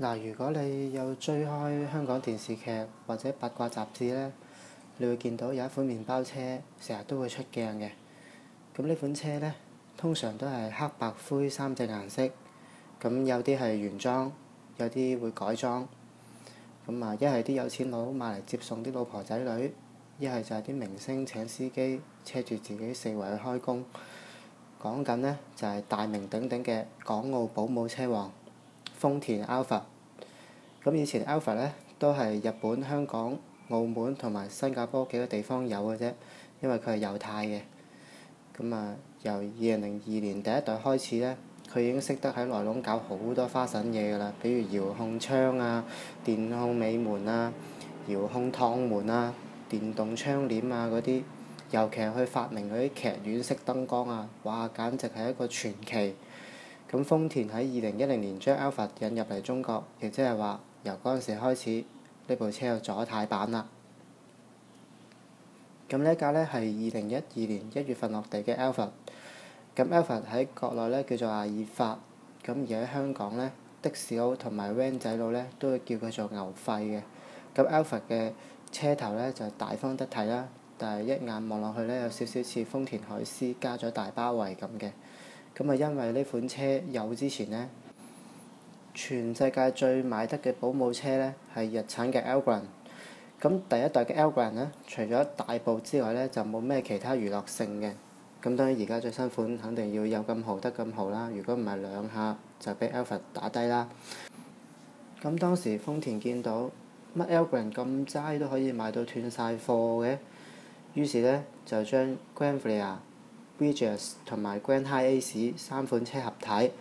嗱，如果你有追開香港電視劇或者八卦雜誌呢，你會見到有一款麪包車，成日都會出鏡嘅。咁呢款車呢，通常都係黑白灰三隻顏色。咁有啲係原裝，有啲會改裝。咁啊，一係啲有錢佬買嚟接送啲老婆仔女，一係就係啲明星請司機，車住自己四圍去開工。講緊呢，就係大名鼎鼎嘅港澳保姆車王。豐田 Alpha 咁以前 Alpha 咧都係日本、香港、澳門同埋新加坡幾個地方有嘅啫，因為佢係猶太嘅。咁啊，由二零零二年第一代開始咧，佢已經識得喺內籠搞好多花神嘢㗎喇，比如遙控窗啊、電控尾門啊、遙控趟門啊、電動窗簾啊嗰啲，尤其係佢發明嗰啲劇院式燈光啊，哇！簡直係一個傳奇。咁豐田喺二零一零年將 Alphard 引入嚟中國，亦即係話由嗰陣時開始呢部車有咗軚版啦。咁呢架呢係二零一二年一月份落地嘅 Alphard。咁 Alphard 喺國內呢叫做阿爾法，咁而喺香港呢，的士佬同埋 van 仔佬呢都會叫佢做牛肺嘅。咁 Alphard 嘅車頭呢就大方得體啦，但係一眼望落去呢，有少少似豐田海獅加咗大包圍咁嘅。咁啊，因為呢款車有之前呢，全世界最賣得嘅保姆車呢，係日產嘅 Elgrand 咁第一代嘅 Elgrand 呢，除咗大部之外呢，就冇咩其他娛樂性嘅。咁當然而家最新款肯定要有咁豪得咁豪啦。如果唔係兩下就俾 Alphard 打低啦。咁當時豐田見到乜 Elgrand 咁齋都可以賣到斷晒貨嘅，於是呢，就將 Granvia。g 同埋 Grand Hiace 三款車合體，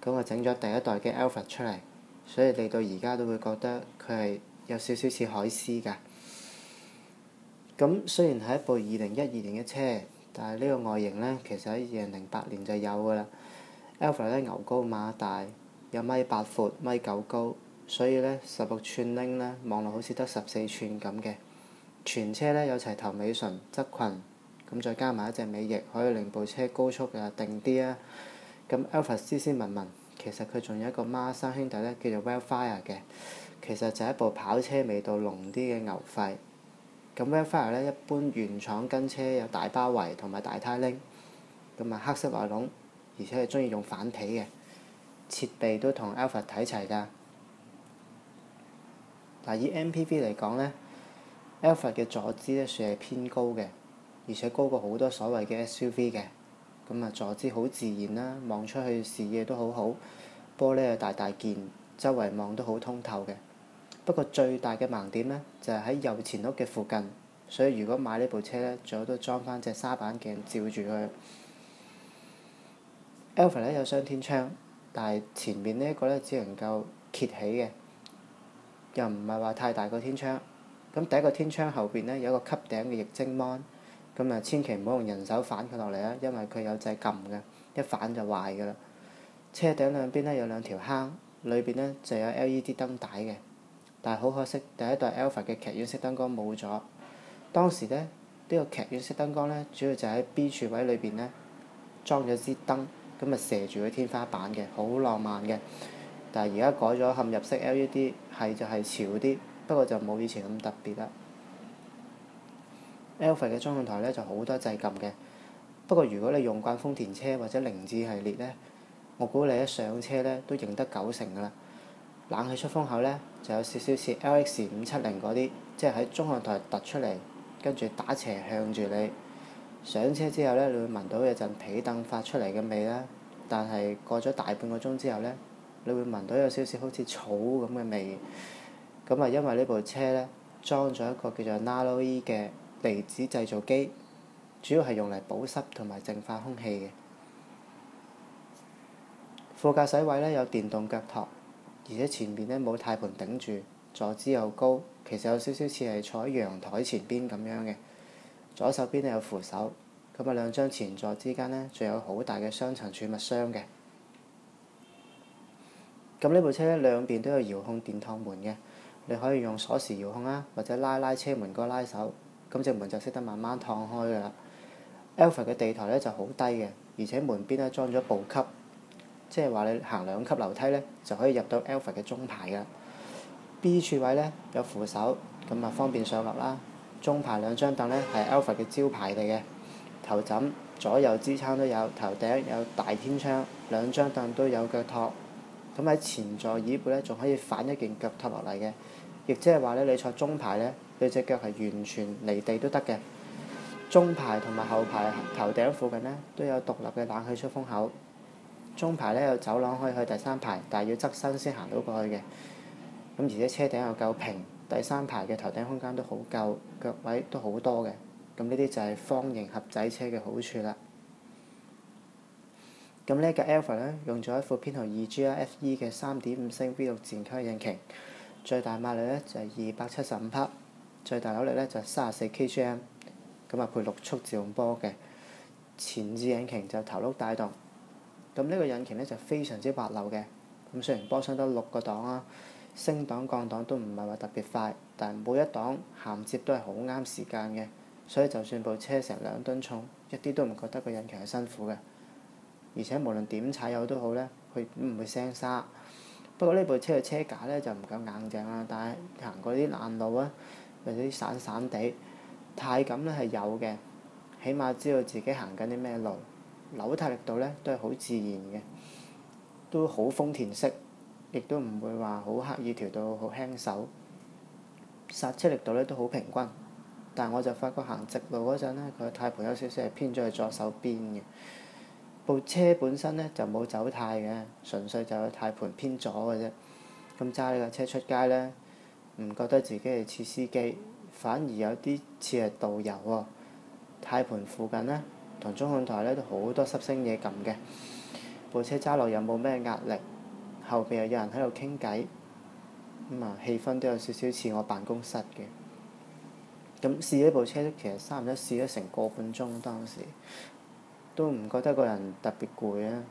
咁啊整咗第一代嘅 Alpha 出嚟，所以你到而家都會覺得佢係有少少似海獅㗎。咁雖然係一部二零一二年嘅車，但係呢個外形呢，其實喺二零零八年就有㗎啦。Alpha 咧，牛高馬大，有米八闊、米九高，所以呢十六寸拎呢，望落好似得十四寸咁嘅。全車呢，有齊頭尾唇側裙。咁再加埋一隻尾翼，可以令部車高速啊定啲啊！咁 Alphard 斯斯文文，其實佢仲有一個孖生兄弟咧，叫做 Vellfire 嘅，其實就一部跑車味道濃啲嘅牛肺。咁 Vellfire 咧，一般原廠跟車有大包圍同埋大胎拎，咁啊黑色外龍，而且係中意用反體嘅設備都同 Alphard 睇齊㗎。嗱，以 M P V 嚟講咧，Alphard 嘅坐姿咧算係偏高嘅。而且高過好多所謂嘅 SUV 嘅，咁啊，坐姿好自然啦，望出去視野都好好。玻璃又大大件，周圍望都好通透嘅。不過最大嘅盲點呢，就係喺右前屋嘅附近，所以如果買呢部車呢，最好都裝翻隻沙板鏡照住佢。Elva 咧有雙天窗，但係前面呢一個咧只能夠揭起嘅，又唔係話太大個天窗。咁第一個天窗後邊呢，有一個吸頂嘅液晶芒。咁啊，千祈唔好用人手反佢落嚟啊，因為佢有掣撳嘅，一反就壞㗎喇。車頂兩邊咧有兩條坑，裏邊咧就有 L E D 燈帶嘅。但係好可惜，第一代 Alpha 嘅劇院式燈光冇咗。當時咧，呢個劇院式燈光咧，主要就喺 B 柱位裏邊咧裝咗支燈，咁啊射住佢天花板嘅，好浪漫嘅。但係而家改咗嵌入式 L E D，係就係潮啲，不過就冇以前咁特別啦。Alphard 嘅中控台咧就好多掣撳嘅，不過如果你用慣豐田車或者凌志系列咧，我估你一上車咧都認得九成㗎啦。冷氣出風口咧就有少少似 LX 五七零嗰啲，即係喺中控台突出嚟，跟住打斜向住你。上車之後咧，你會聞到有陣皮凳發出嚟嘅味啦。但係過咗大半個鐘之後咧，你會聞到有少少好似草咁嘅味。咁啊，因為呢部車咧裝咗一個叫做 nanoe 嘅。離子製造機主要係用嚟保濕同埋淨化空氣嘅。副駕駛位咧有電動腳托，而且前邊咧冇軚盤頂住，坐姿又高，其實有少少似係坐喺陽台前邊咁樣嘅。左手邊咧有扶手，咁啊兩張前座之間咧仲有好大嘅雙層儲物箱嘅。咁呢部車咧兩邊都有遙控電趟門嘅，你可以用鎖匙遙控啊，或者拉拉車門嗰拉手。咁隻門就識得慢慢趟開嘅啦。Alphard 嘅地台咧就好低嘅，而且門邊咧裝咗步級，即係話你行兩級樓梯咧就可以入到 Alphard 嘅中排嘅。B 柱位咧有扶手，咁啊方便上落啦。中排兩張凳咧係 Alphard 嘅招牌嚟嘅，頭枕左右支撐都有，頭頂有大天窗，兩張凳都有腳托。咁喺前座椅背咧，仲可以反一件腳托落嚟嘅。亦即係話咧，你坐中排咧，你隻腳係完全離地都得嘅。中排同埋後排頭頂附近呢，都有獨立嘅冷氣出風口。中排咧有走廊可以去第三排，但係要側身先行到過去嘅。咁而且車頂又夠平，第三排嘅頭頂空間都好夠，腳位都好多嘅。咁呢啲就係方形盒仔車嘅好處啦。咁呢架 Alphard 咧，用咗一副編號 2GR-FE 嘅3.5升 V6 自然吸氣引擎。最大馬力咧就係二百七十五匹，最大扭力咧就係三十四 kgm，咁啊配六速自動波嘅前置引擎就頭碌帶動，咁呢個引擎咧就非常之滑溜嘅。咁雖然波箱得六個檔啊，升檔降檔都唔係話特別快，但係每一檔銜接都係好啱時間嘅，所以就算部車成兩噸重，一啲都唔覺得個引擎係辛苦嘅。而且無論點踩油都好咧，佢唔會聲沙。不過呢部車嘅車架呢就唔夠硬淨啦，但係行過啲爛路啊，或者散散地，軚感呢係有嘅，起碼知道自己行緊啲咩路，扭軚力度呢都係好自然嘅，都好豐田式，亦都唔會話好刻意調到好輕手，剎車力度呢都好平均，但係我就發覺行直路嗰陣咧，佢個軚盤有少少係偏咗去左手邊嘅。部車本身咧就冇走軚嘅，純粹就係軚盤偏左嘅啫。咁揸呢架車出街呢，唔覺得自己係似司機，反而有啲似係導遊喎、哦。軚盤附近呢，同中控台呢都好多濕星嘢撳嘅。部車揸落又冇咩壓力，後邊又有人喺度傾偈，咁、嗯、啊氣氛都有少少似我辦公室嘅。咁試呢部車其實差唔多試咗成個半鐘當時。都唔覺得個人特別攰啊！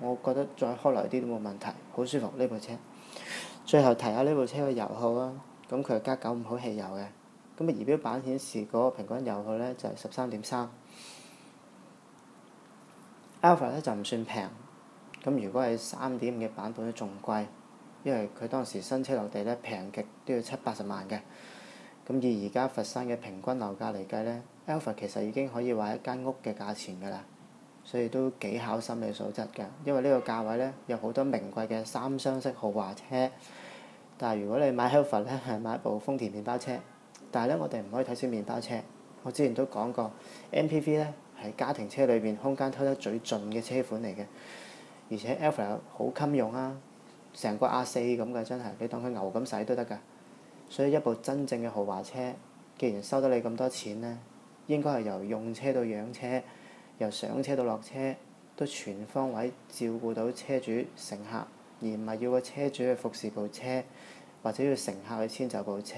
我覺得再開耐啲都冇問題，好舒服呢部車。最後提下呢部車嘅油耗啊。咁佢係加九五號汽油嘅，咁啊儀表板顯示嗰個平均油耗呢就係十三點三。Alpha 咧就唔算平，咁如果係三點五嘅版本咧仲貴，因為佢當時新車落地呢，平極都要七八十萬嘅，咁以而家佛山嘅平均樓價嚟計呢。Alpha 其實已經可以話一間屋嘅價錢㗎啦，所以都幾考心理素質㗎。因為呢個價位呢，有好多名貴嘅三廂式豪華車，但係如果你買 Alpha 呢，係買部豐田麵包車，但係呢，我哋唔可以睇小麵包車。我之前都講過，M P V 呢係家庭車裏面空間偷得最盡嘅車款嚟嘅，而且 Alpha 好襟用啊，成個 R 四咁嘅真係你當佢牛咁使都得㗎。所以一部真正嘅豪華車，既然收得你咁多錢呢。應該係由用車到養車，由上車到落車，都全方位照顧到車主、乘客，而唔係要個車主去服侍部車，或者要乘客去遷就部車。